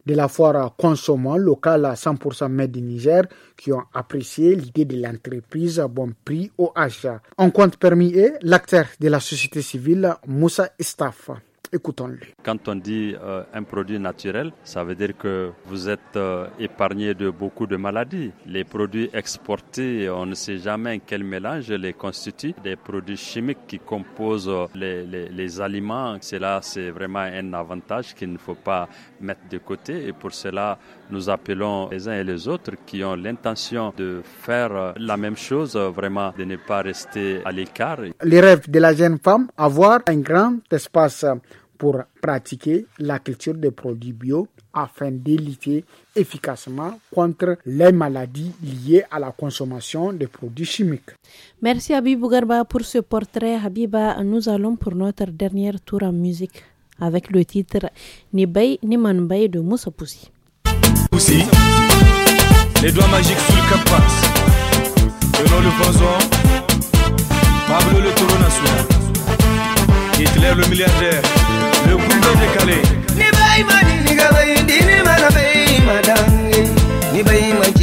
de la foire Consommant, locale à 100% Made in Niger, qui ont apprécié l'idée de l'entreprise à bon prix au achat. En compte permis est l'acteur de la société civile Moussa Estaf écoutons Quand on dit euh, un produit naturel, ça veut dire que vous êtes euh, épargné de beaucoup de maladies. Les produits exportés, on ne sait jamais quel mélange les constitue. Des produits chimiques qui composent euh, les, les, les aliments, cela c'est vraiment un avantage qu'il ne faut pas mettre de côté. Et pour cela, nous appelons les uns et les autres qui ont l'intention de faire la même chose, vraiment de ne pas rester à l'écart. Les rêves de la jeune femme, avoir un grand espace pour pratiquer la culture des produits bio afin lutter efficacement contre les maladies liées à la consommation de produits chimiques. Merci Habib Bougarba pour ce portrait. Habiba, nous allons pour notre dernier tour en musique avec le titre Ni Bay Ni de Moussa Poussi. Poussi, les doigts magiques sur le capas. le Poison. Pablo le Hitler le milliardaire. nekumbenekale nibaimaniigalaidinimanabeimadange nibaimaj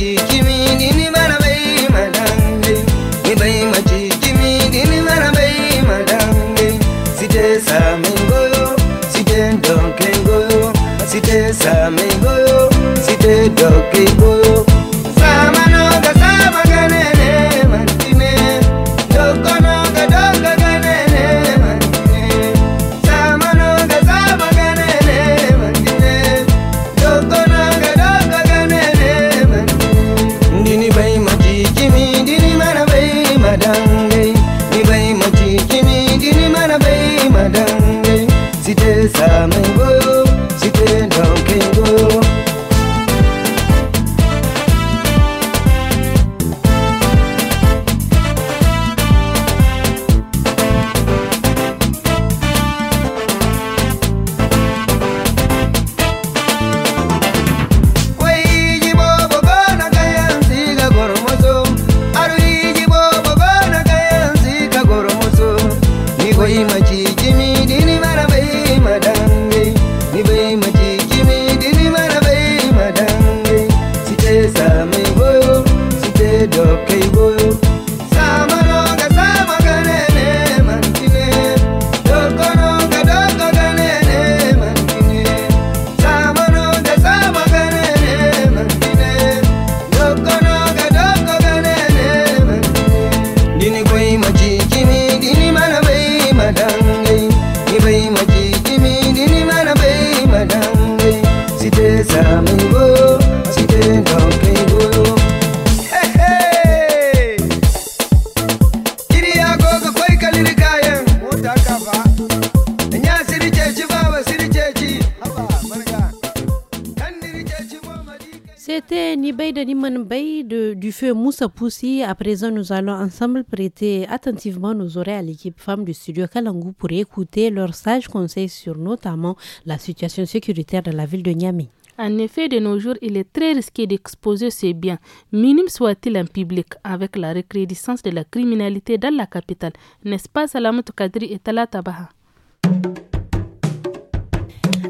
ce pousser, à présent, nous allons ensemble prêter attentivement nos oreilles à l'équipe femme du studio Kalangu pour écouter leurs sages conseils sur notamment la situation sécuritaire de la ville de Niamey. En effet, de nos jours, il est très risqué d'exposer ses biens, minimes soit-il en public, avec la recrudescence de la criminalité dans la capitale. N'est-ce pas, Salamut Kadri et Tala Tabaha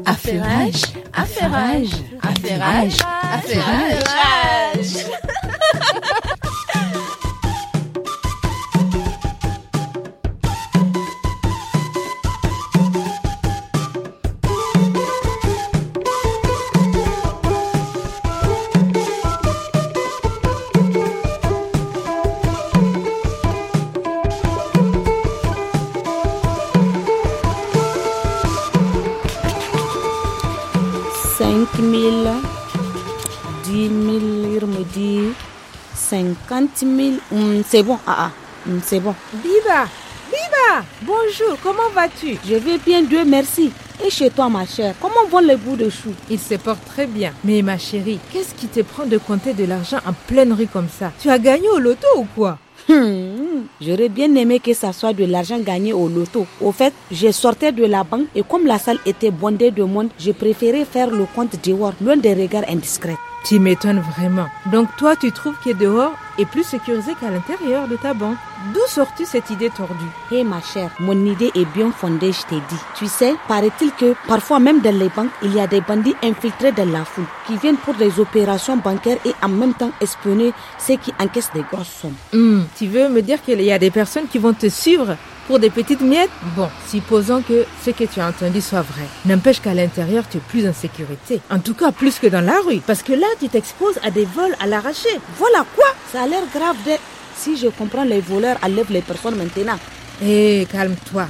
affairage, affairage, affairage, affairage. 5 000, 10 000, il me dit 50 000. c'est bon, ah, ah hum, c'est bon. viva viva bonjour, comment vas-tu Je vais bien, Dieu merci. Et chez toi, ma chère, comment vont les bouts de chou Ils se portent très bien. Mais ma chérie, qu'est-ce qui te prend de compter de l'argent en pleine rue comme ça Tu as gagné au loto ou quoi hum, j'aurais bien aimé que ça soit de l'argent gagné au loto. Au fait, j'ai sortais de la banque et comme la salle était bondée de monde, j'ai préféré faire le compte dehors, loin des regards indiscrets. Tu m'étonnes vraiment. Donc toi, tu trouves est dehors est plus sécurisé qu'à l'intérieur de ta banque. D'où sortit tu cette idée tordue Hé eh, ma chère, mon idée est bien fondée, je t'ai dit. Tu sais, paraît-il que parfois même dans les banques, il y a des bandits infiltrés dans la foule qui viennent pour des opérations bancaires et en même temps espionner ceux qui encaissent des grosses sommes. Hmm, tu veux me dire que... Il y a des personnes qui vont te suivre pour des petites miettes. Bon, supposons que ce que tu as entendu soit vrai. N'empêche qu'à l'intérieur, tu es plus en sécurité. En tout cas, plus que dans la rue. Parce que là, tu t'exposes à des vols à l'arraché. Voilà quoi Ça a l'air grave de... Si je comprends, les voleurs enlèvent les personnes maintenant. Hé, eh, calme-toi.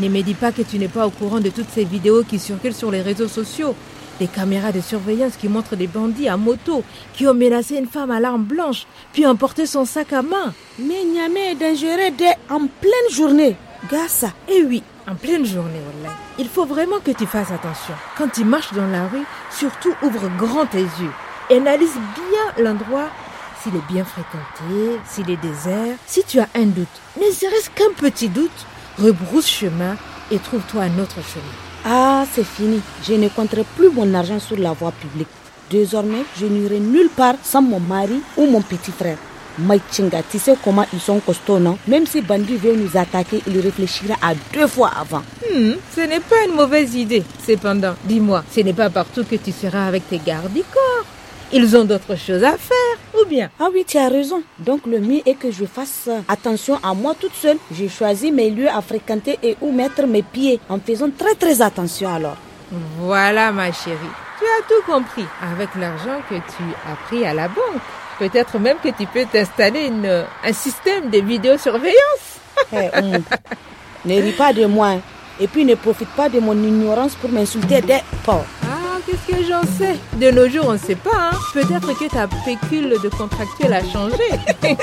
Ne me dis pas que tu n'es pas au courant de toutes ces vidéos qui circulent sur les réseaux sociaux. Des caméras de surveillance qui montrent des bandits à moto qui ont menacé une femme à l'arme blanche, puis emporté son sac à main. Mais Niamey est dangereux dès en pleine journée. Gassa. Eh oui, en pleine journée, Wallah. Il faut vraiment que tu fasses attention. Quand tu marches dans la rue, surtout ouvre grand tes yeux analyse bien l'endroit s'il est bien fréquenté, s'il est désert. Si tu as un doute, ne serait-ce qu'un petit doute, rebrousse chemin et trouve-toi un autre chemin. Ah, c'est fini. Je ne compterai plus mon argent sur la voie publique. Désormais, je n'irai nulle part sans mon mari ou mon petit frère. Mike Chinga, tu sais comment ils sont costauds, non Même si Bandi veut nous attaquer, il réfléchira à deux fois avant. Hmm, ce n'est pas une mauvaise idée. Cependant, dis-moi, ce n'est pas partout que tu seras avec tes gardes corps ils ont d'autres choses à faire. Ou bien, ah oui, tu as raison. Donc le mieux est que je fasse euh, attention à moi toute seule. J'ai choisi mes lieux à fréquenter et où mettre mes pieds en faisant très très attention alors. Voilà ma chérie. Tu as tout compris avec l'argent que tu as pris à la banque. Peut-être même que tu peux t'installer euh, un système de vidéosurveillance. Eh, hum. ne ris pas de moi hein. et puis ne profite pas de mon ignorance pour m'insulter des pauvres qu'est-ce que j'en sais De nos jours, on ne sait pas. Hein. Peut-être que ta pécule de contractuel a changé.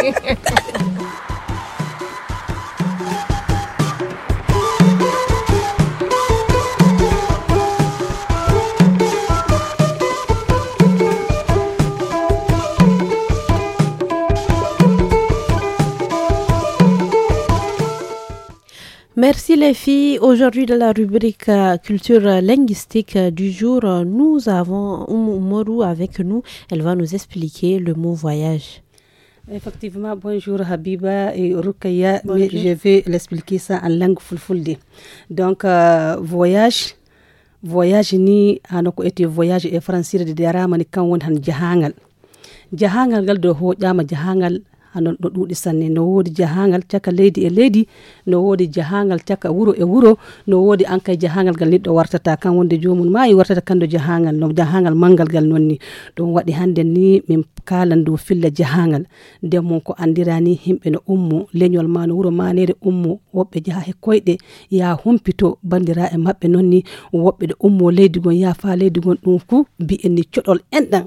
Merci les filles. Aujourd'hui, dans la rubrique euh, culture linguistique euh, du jour, euh, nous avons Mourou avec nous. Elle va nous expliquer le mot voyage. Effectivement, bonjour Habiba et Rukaya. je vais l'expliquer ça en langue fulfulde. Donc, voyage, voyage ni anoko ete voyage et de derama ni kan won jahangal. Jahangal gal do jahangal hanon ɗo ɗuuɗi sanne no woodi jahangal caka leydi e leydi no woodi jahangal caka wuro e wuro no woodi ankay galit jahangal ngal neɗɗo wartata kan wonde jomum maayi wartata kando jahangal no jahangal mangal ngal nonni ɗum waɗi hannde ni min kalan dow filla jahangal nden mon ko andirani himɓe no ummo leñol ma no wuro manere ummo woɓɓe jaha he koyɗe ya humpito bandira e maɓɓe nonni woɓɓe ɗo ummo leydi gon ya fa leydi gon ɗum in the ni coɗol enɗan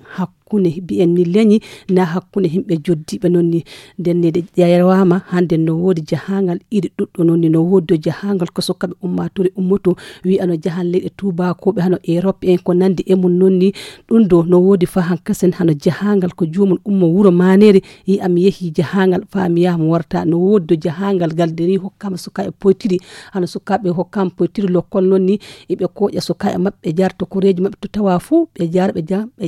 hakkunde mbi'en leñi na hakkunde himɓe joddiɓe noon ni nden ɗe ƴeewama hande no woodi jahangal iri ɗuɗɗo noon no woodi do jahangal ko sukkaɓe ummatore ummoto wi ano jahan leyɗe tubakoɓe hano europe en ko nandi e mum noon ni ɗum ɗo no woodi fa hankasen hano jahangal ko jomum ummo wuro manere yi ami yeehi jahangal famiyama warta no woodi do jahangal galderi hokkama sukaɓe poytiri hano sukaɓe hokkama poytiri lokkol noon eɓe koƴa sukaɓe mabɓe jarta koreji mabɓe to tawa fuu ɓe jara ɓe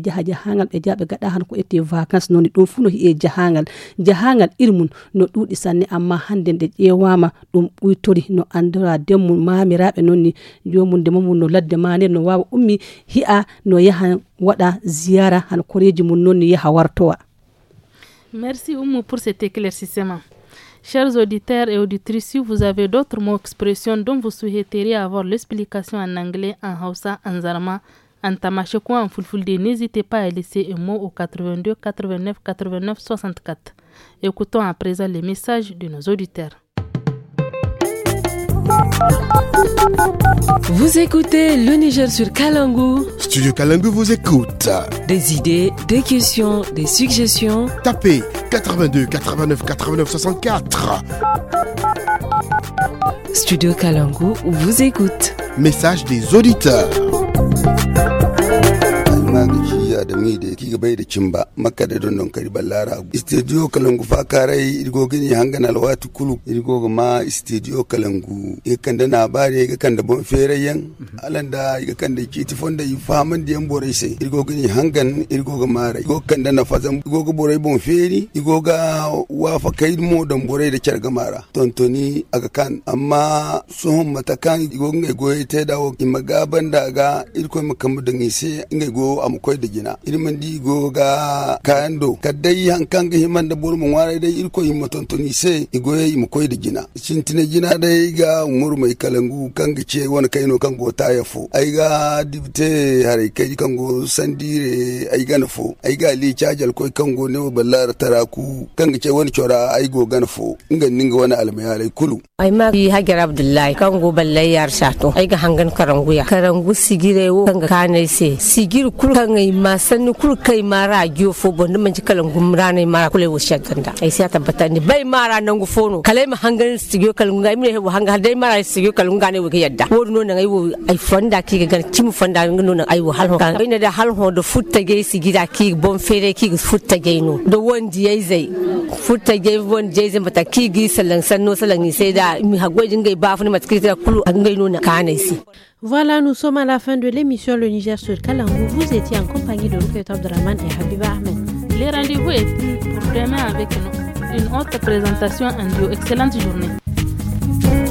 jaha jahangal ɓe jara biya ɓe gaɗa han ko ete vacance noni ɗon fuu no hiye jahangal jahangal irmum no ɗuuɗi sanne amma hande nde ƴewama ɗum ɓuytori no andora demmum mamiraɓe noon ni jomum nde no ladde ma no wawa ummi hi'a no yaha waɗa ziyara han koreji mum noon ni yaha wartowa Merci Oumou pour cet éclaircissement. Chers auditeurs et auditrices, si vous avez d'autres mots expressions dont vous souhaiteriez avoir l'explication en anglais, en hausa, en zarma, en en Fulfulde. N'hésitez pas à laisser un mot au 82 89 89 64. Écoutons à présent les messages de nos auditeurs. Vous écoutez le Niger sur Kalangu. Studio Kalangu vous écoute. Des idées, des questions, des suggestions. Tapez 82 89 89 64. Studio Kalangu vous écoute. Message des auditeurs. Maggie da mu da ki gabai da cimba makka da dondon kari ballara studio kalangu fa karai irgo gini hangana alwatu kulu irgo ma studio kalangu ga kan da nabare ga kan da bon ferayen alan da ga kan da ki tifon da yi da yan borai sai irgo gini hangan irgo ga mara irgo kan da na fazan irgo ga borai bon feri irgo ga fa kai mu da borai da kyar gamara tontoni aga kan amma sun matakan irgo ga goye ta dawo imagaban da ga irko makamu da sai ngai go amkoi da gina na irman di go ga kayando kadai hankan ga himan da burmun warai dai irko himma tontoni sai igoye mu koy makoi da gina cintine gina dai ga umur mai kalangu kan ga ce wani kaino kan go ta yafo ai ga dibte hare kai kan go sandire ai ga nafo ai ga li chajal koi kan go ne ballar taraku kan ga ce wani chora ai go ga nafo ngan ninga wani almayalai kulu ai ma bi hagar abdullahi kan go ballai yar shato ai ga hangan karanguya karangu sigire wo kan ga kane se sigir kul kan ga ma sanni kai mara gyo fo bon manji kalan gumra ne mara kule wo shaganda ai sai tabbata ni bai mara nan gu fono kale ma hangan sigyo kalunga imne wo hanga dai mara sigyo kalunga ne wo yadda wo no nan ai wo ai fonda ki ga timu fanda no nan ai wo hal ho kan ina da hal ho do futta ge sigida ki bon fere ki futta ge no do wondi ai zai futta ge bon je zai mata ki gi salan sanno salan ni sai da mi hagwajin ga ba fu ni matkita kulu an ga no nan kanai si Voilà, nous sommes à la fin de l'émission Le Niger sur Kalangou. Vous étiez en compagnie de Ruket Abdraman et Habiba Ahmed. Les rendez-vous est pour demain avec une autre présentation en Excellente journée.